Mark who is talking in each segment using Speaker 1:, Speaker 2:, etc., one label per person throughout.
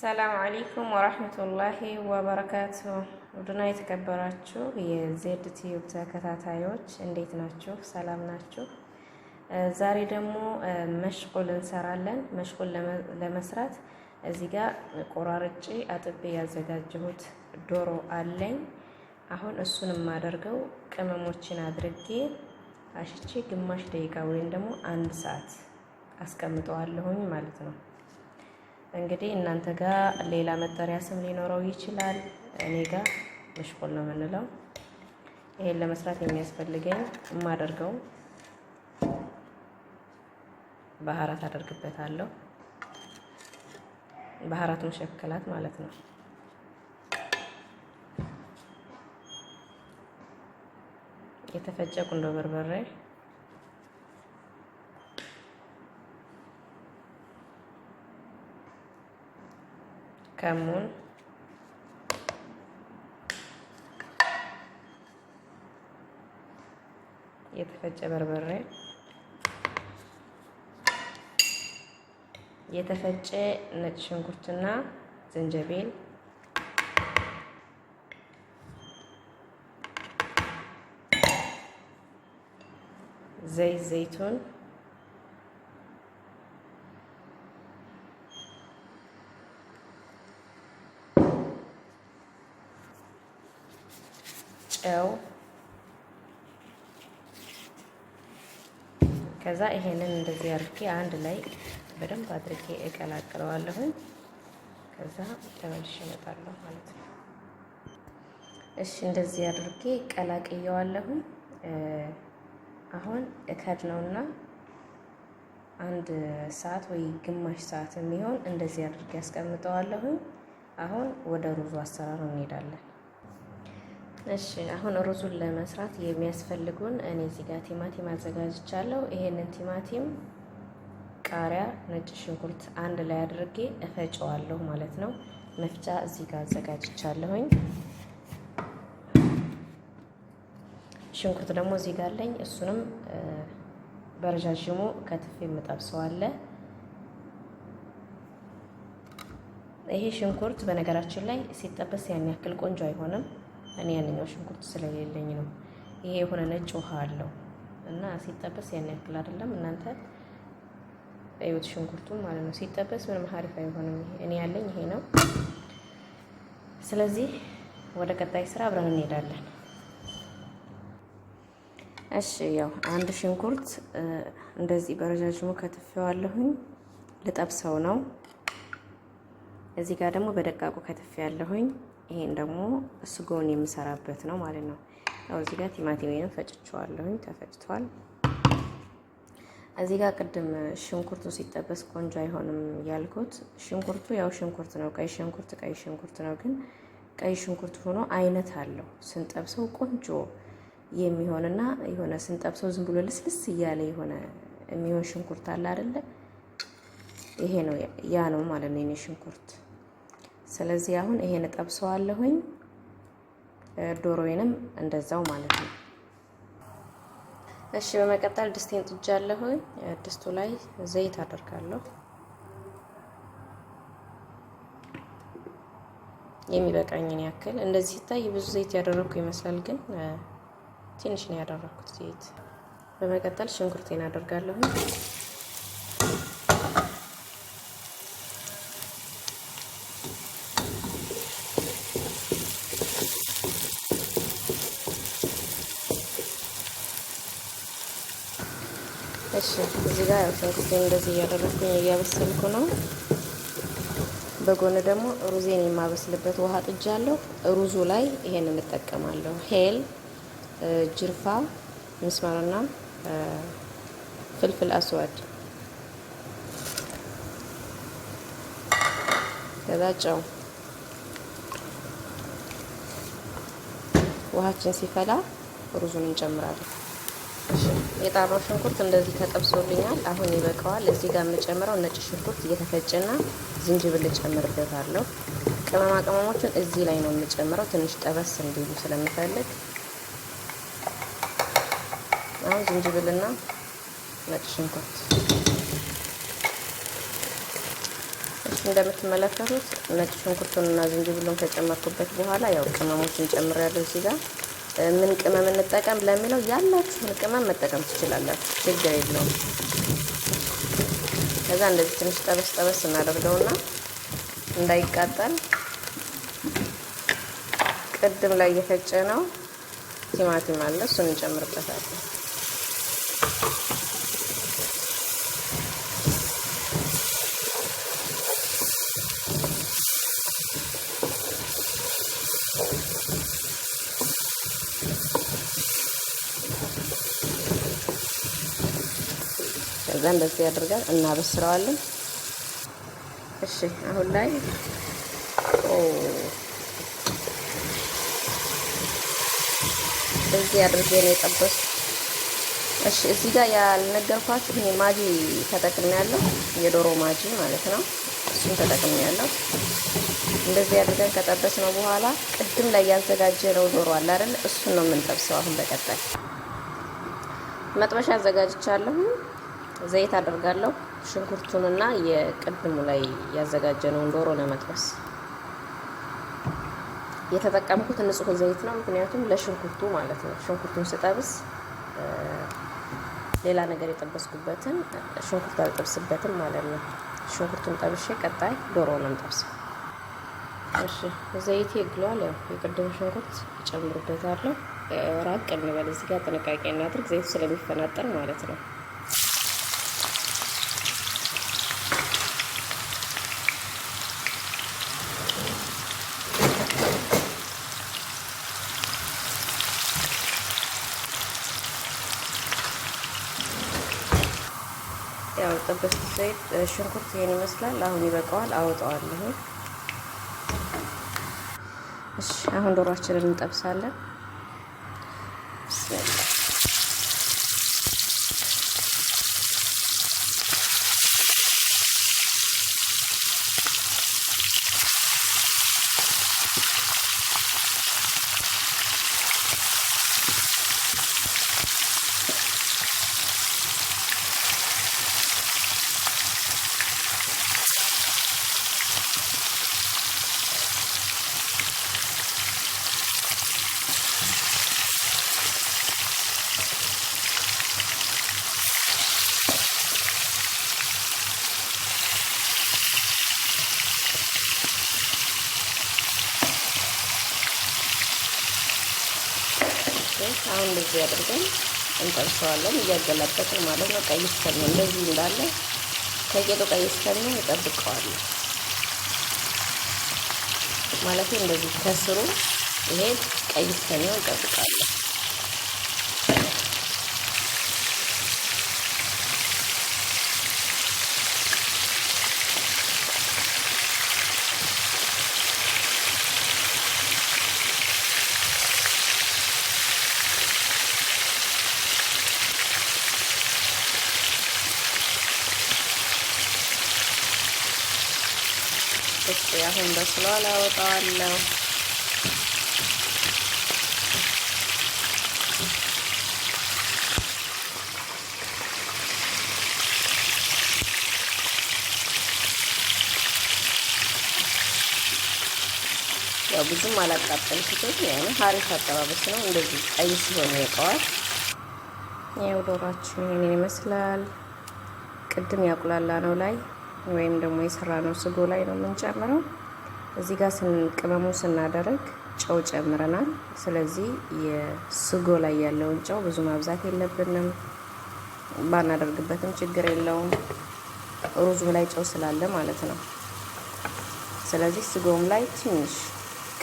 Speaker 1: ሰላም አለይኩም ወራህመቱላሂ ወበረካቱ። ውድና የተከበራችሁ የዜድ ቲዩብ ተከታታዮች እንዴት ናችሁ? ሰላም ናችሁ? ዛሬ ደግሞ መሽቁል እንሰራለን። መሽቁል ለመስራት እዚህ ጋር ቆራርጬ አጥቤ ያዘጋጀሁት ዶሮ አለኝ። አሁን እሱን የማደርገው ቅመሞችን አድርጌ አሽቼ ግማሽ ደቂቃ ወይም ደግሞ አንድ ሰዓት አስቀምጠዋለሁኝ ማለት ነው። እንግዲህ እናንተ ጋር ሌላ መጠሪያ ስም ሊኖረው ይችላል። እኔ ጋር መሽኮል ነው የምንለው። ይሄን ለመስራት የሚያስፈልገኝ የማደርገው ባህራት አደርግበታለሁ። ባህራት መሸከላት ማለት ነው። የተፈጨ ቁንዶ በርበሬ ከሙን የተፈጨ በርበሬ የተፈጨ ነጭ ሽንኩርትና ዝንጀቤል ዘይት ዘይቱን ናቸው። ከዛ ይሄንን እንደዚህ አድርጌ አንድ ላይ በደንብ አድርጌ እቀላቅለዋለሁኝ። ከዛ ተመልሼ እመጣለሁ ማለት ነው። እሺ እንደዚህ አድርጌ ቀላቅየዋለሁኝ። አሁን እከድ ነውና አንድ ሰዓት ወይ ግማሽ ሰዓት የሚሆን እንደዚህ አድርጌ ያስቀምጠዋለሁኝ። አሁን ወደ ሩዙ አሰራር እንሄዳለን። እሺ አሁን ሩዙን ለመስራት የሚያስፈልጉን እኔ እዚህ ጋር ቲማቲም አዘጋጅቻለሁ። ይሄንን ቲማቲም፣ ቃሪያ፣ ነጭ ሽንኩርት አንድ ላይ አድርጌ እፈጨዋለሁ ማለት ነው። መፍጫ እዚህ ጋር አዘጋጅቻለሁኝ። ሽንኩርት ደግሞ እዚህ ጋር አለኝ። እሱንም በረዣዥሙ ከትፌ የምጠብሰዋለ። ይሄ ሽንኩርት በነገራችን ላይ ሲጠበስ ያን ያክል ቆንጆ አይሆንም። እኔ ያንኛው ሽንኩርት ስለሌለኝ ነው። ይሄ የሆነ ነጭ ውሃ አለው እና ሲጠበስ ያን ያክል አይደለም። እናንተ እዩት ሽንኩርቱን ማለት ነው። ሲጠበስ ምንም ሀሪፍ አይሆንም። እኔ ያለኝ ይሄ ነው። ስለዚህ ወደ ቀጣይ ስራ አብረን እንሄዳለን። እሺ ያው አንድ ሽንኩርት እንደዚህ በረጃጅሙ ከትፌዋለሁኝ ልጠብሰው ነው። እዚህ ጋር ደግሞ በደቃቁ ከትፌ ያለሁኝ ይሄን ደግሞ ስጎን የምሰራበት ነው ማለት ነው። ያው እዚህ ጋር ተፈጭቷል። እዚህ ጋር ቅድም ሽንኩርቱ ሲጠበስ ቆንጆ አይሆንም ያልኩት ሽንኩርቱ ያው ሽንኩርት ነው፣ ቀይ ሽንኩርት ቀይ ሽንኩርት ነው። ግን ቀይ ሽንኩርት ሆኖ አይነት አለው ስንጠብሰው ቆንጆ የሚሆንና የሆነ ስንጠብሰው ዝም ብሎ ልስልስ እያለ የሆነ የሚሆን ሽንኩርት አለ አይደለ? ይሄ ነው ያ ነው ማለት ነው የኔ ሽንኩርት ስለዚህ አሁን ይሄን እጠብሰዋለሁኝ። ዶሮዬንም እንደዛው ማለት ነው። እሺ በመቀጠል ድስቴን ጥጃለሁኝ። ድስቱ ላይ ዘይት አደርጋለሁ። የሚበቃኝን ያክል እንደዚህ ሲታይ ብዙ ዘይት ያደረግኩ ይመስላል፣ ግን ትንሽ ነው ያደረግኩት ዘይት። በመቀጠል ሽንኩርቴን አደርጋለሁኝ። እሺ እዚህ ጋር ሽንኩርቴ እንደዚህ እያደረኩኝ እያበሰልኩ ነው። በጎን ደግሞ ሩዜን የማበስልበት ውሃ ጥጃለሁ። ሩዙ ላይ ይሄን እንጠቀማለሁ። ሄል፣ ጅርፋ፣ ምስማርና ፍልፍል አስዋድ ከዛ ጨው። ውሃችን ሲፈላ ሩዙን እንጨምራለን። የጣራው ሽንኩርት እንደዚህ ተጠብሶልኛል። አሁን ይበቃዋል። እዚህ ጋር የምጨምረው ነጭ ሽንኩርት እየተፈጨና ዝንጅብል ጨምርበታለሁ። ቅመማ ቅመሞችን እዚህ ላይ ነው የምጨምረው፣ ትንሽ ጠበስ እንዲሉ ስለምፈልግ። አሁን ዝንጅብልና ነጭ ሽንኩርት እንደምትመለከቱት ነጭ ሽንኩርቱንና ዝንጅብሉን ከጨመርኩበት በኋላ ያው ቅመሞችን ጨምሬያለሁ እዚህ ጋር ምን ቅመም እንጠቀም ለሚለው ያላችሁን ቅመም መጠቀም ትችላለን፣ ችግር የለውም። ከዛ እንደዚህ ትንሽ ጠበስ ጠበስ እናደርገውና እንዳይቃጠል ቅድም ላይ የፈጨ ነው ቲማቲም አለ፣ እሱን እንጨምርበታለን። ከዛ እንደዚህ ያደርጋል እናበስለዋለን። እሺ አሁን ላይ እዚህ አድርጌ ነው የጠበስኩት። እሺ እዚህ ጋር ያልነገርኳችሁ እኔ ማጂ ተጠቅሜያለሁ፣ የዶሮ ማጂ ማለት ነው። እሱን ተጠቅሜያለሁ። እንደዚህ አድርገን ነው በኋላ ቅድም ላይ ያዘጋጀነው ዶሮ አለ አይደል? እሱን ነው የምንጠብሰው አሁን በቀጣይ መጥበሻ አዘጋጅቻለሁ። ዘይት አድርጋለሁ ሽንኩርቱንና የቅድሙ ላይ ያዘጋጀነውን ዶሮ ለመጥበስ የተጠቀምኩት ንጹህ ዘይት ነው። ምክንያቱም ለሽንኩርቱ ማለት ነው። ሽንኩርቱን ስጠብስ ሌላ ነገር የጠበስኩበትን ሽንኩርት አልጠብስበትም ማለት ነው። ሽንኩርቱን ጠብሼ ቀጣይ ዶሮ ነው የምጠብሰው። እሺ ዘይት ግሏል። ያው የቅድሙ ሽንኩርት እጨምርበታለሁ። ራቅ እንበል እዚህ ጋር ጥንቃቄ እናድርግ፣ ዘይቱ ስለሚፈናጠር ማለት ነው። የጠበስኩት ዘይት ሽንኩርት ይሄን ይመስላል። አሁን ይበቃዋል፣ አወጣዋለሁ። እሺ አሁን ዶሯችንን እንጠብሳለን። እንደዚህ አድርገን እንጠብሰዋለን እያገላበጥን ማለት ነው። ቀይ እስከሚሆን እንደዚህ እንዳለ ከጌጡ ቀይ እስከሚሆን እጠብቀዋለሁ ማለት እንደዚህ ከስሩ ይሄ ቀይ እስከሚሆን እጠብቃለሁ። ውስጥ አሁን በስሏል፣ አወጣዋለሁ። ያው ብዙም አላቃጠልኩትም። ያኔ ሀሪፍ አጠባበስ ነው። እንደዚህ ቀይ ሲሆን ይቀዋል። ያው ዶሯችን ይሄን ይመስላል። ቅድም ያቁላላ ነው ላይ ወይም ደግሞ የሰራ ነው ስጎ ላይ ነው የምንጨምረው። እዚህ ጋር ቅመሙ ስናደርግ ጨው ጨምረናል። ስለዚህ የስጎ ላይ ያለውን ጨው ብዙ ማብዛት የለብንም። ባናደርግበትም ችግር የለውም። ሩዙ ላይ ጨው ስላለ ማለት ነው። ስለዚህ ስጎም ላይ ትንሽ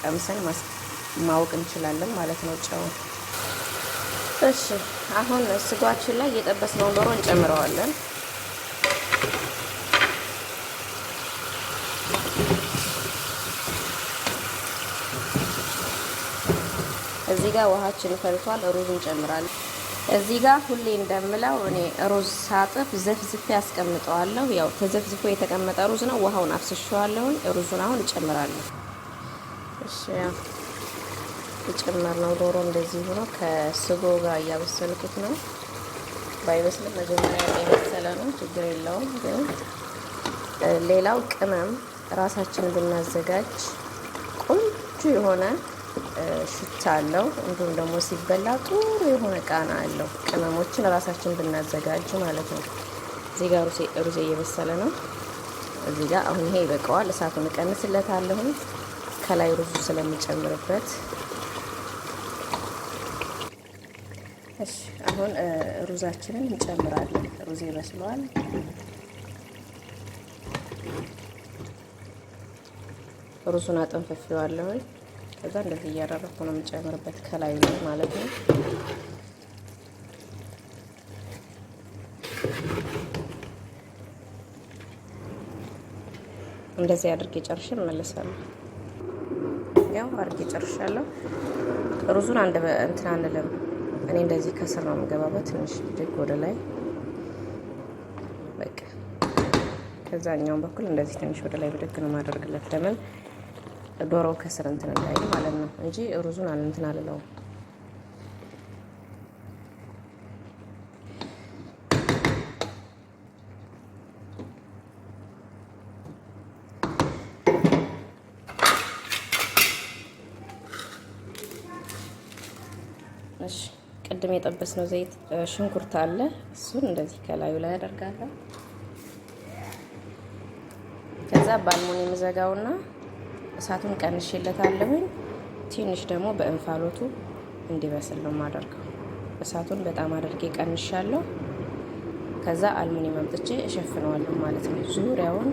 Speaker 1: ቀምሰን ማወቅ እንችላለን ማለት ነው ጨው። እሺ አሁን ስጓችን ላይ እየጠበስነውን ዶሮ እንጨምረዋለን። እዚህ ጋር ውሃችን ፈልቷል። ሩዝ እንጨምራለን። እዚህ ጋር ሁሌ እንደምለው እኔ ሩዝ ሳጥፍ ዘፍዝፌ ያስቀምጠዋለሁ። ያው ተዘፍዝፎ የተቀመጠ ሩዝ ነው። ውሃውን አፍስሸዋለሁን። ሩዙን አሁን እጨምራለሁ። እሺ ነው። ዶሮ እንደዚህ ሆኖ ከስጎ ጋር እያበሰልኩት ነው። ባይበስልም መጀመሪያ የበሰለ ነው፣ ችግር የለውም። ግን ሌላው ቅመም ራሳችን ብናዘጋጅ ቆንጆ የሆነ ሽታ አለው። እንዲሁም ደግሞ ሲበላ ጥሩ የሆነ ቃና አለው። ቅመሞችን ራሳችን ብናዘጋጅ ማለት ነው። እዚህ ጋር ሩዜ እየበሰለ ነው። እዚህ ጋር አሁን ይሄ ይበቃዋል። እሳቱን እቀንስለታለሁ ከላይ ሩዙ ስለሚጨምርበት። እሺ አሁን ሩዛችንን እንጨምራለን። ሩዜ በስሏል። ሩዙን አጠንፈፊዋለሁ። ከዛ እንደዚህ እያደረኩ ነው የምጨምርበት ከላይ ላይ ማለት ነው። እንደዚህ አድርጌ ጨርሼ እመለሳለሁ። ያው አድርጌ ጨርሻለሁ። ሩዙን አንድ እንትን አንልም። እኔ እንደዚህ ከስር ነው የምገባበት፣ ትንሽ ድግ ወደ ላይ በቃ ከዛኛውን በኩል እንደዚህ ትንሽ ወደ ላይ ብድግ ነው ማደርግለት ለምን ዶሮ ከስር እንትን እንዳይል ማለት ነው እንጂ ሩዙን አልንትን አልለውም። ቅድም የጠበስነው ዘይት ሽንኩርት አለ። እሱን እንደዚህ ከላዩ ላይ አደርጋለሁ። ከዛ ባልሞን የምዘጋውና እሳቱን ቀንሼለታለሁኝ። ትንሽ ደግሞ በእንፋሎቱ እንዲበስል ነው የማደርገው። እሳቱን በጣም አድርጌ ቀንሻለሁ። ከዛ አልሙኒየም አምጥቼ እሸፍነዋለሁ ማለት ነው። ዙሪያውን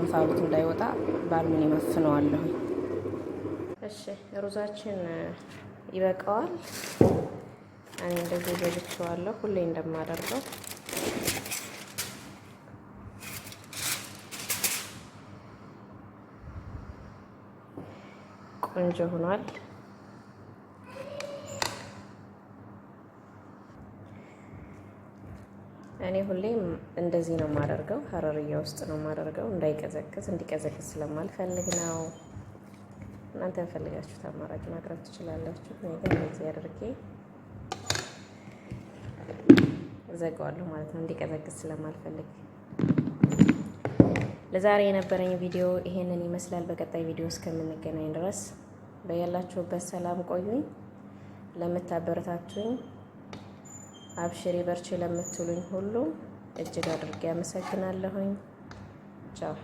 Speaker 1: እንፋሎቱ እንዳይወጣ በአልሙኒየም እፍነዋለሁ። እሺ ሩዛችን ይበቃዋል። እኔ እንደዚህ በልቼዋለሁ ሁሌ እንደማደርገው ቆንጆ ሆኗል። እኔ ሁሌም እንደዚህ ነው የማደርገው። ሀረርያ ውስጥ ነው የማደርገው እንዳይቀዘቅዝ፣ እንዲቀዘቅዝ ስለማልፈልግ ነው። እናንተ ፈልጋችሁት አማራጭ ማቅረብ ትችላላችሁ። እኔ ግን እንደዚህ አድርጌ ዘጋዋለሁ ማለት ነው፣ እንዲቀዘቅዝ ስለማልፈልግ። ለዛሬ የነበረኝ ቪዲዮ ይሄንን ይመስላል። በቀጣይ ቪዲዮ እስከምንገናኝ ድረስ በያላችሁበት ሰላም ቆዩኝ። ለምታበረታቱኝ አብሽሪ በርቺ ለምትሉኝ ሁሉ እጅግ አድርጌ አመሰግናለሁኝ። ቻው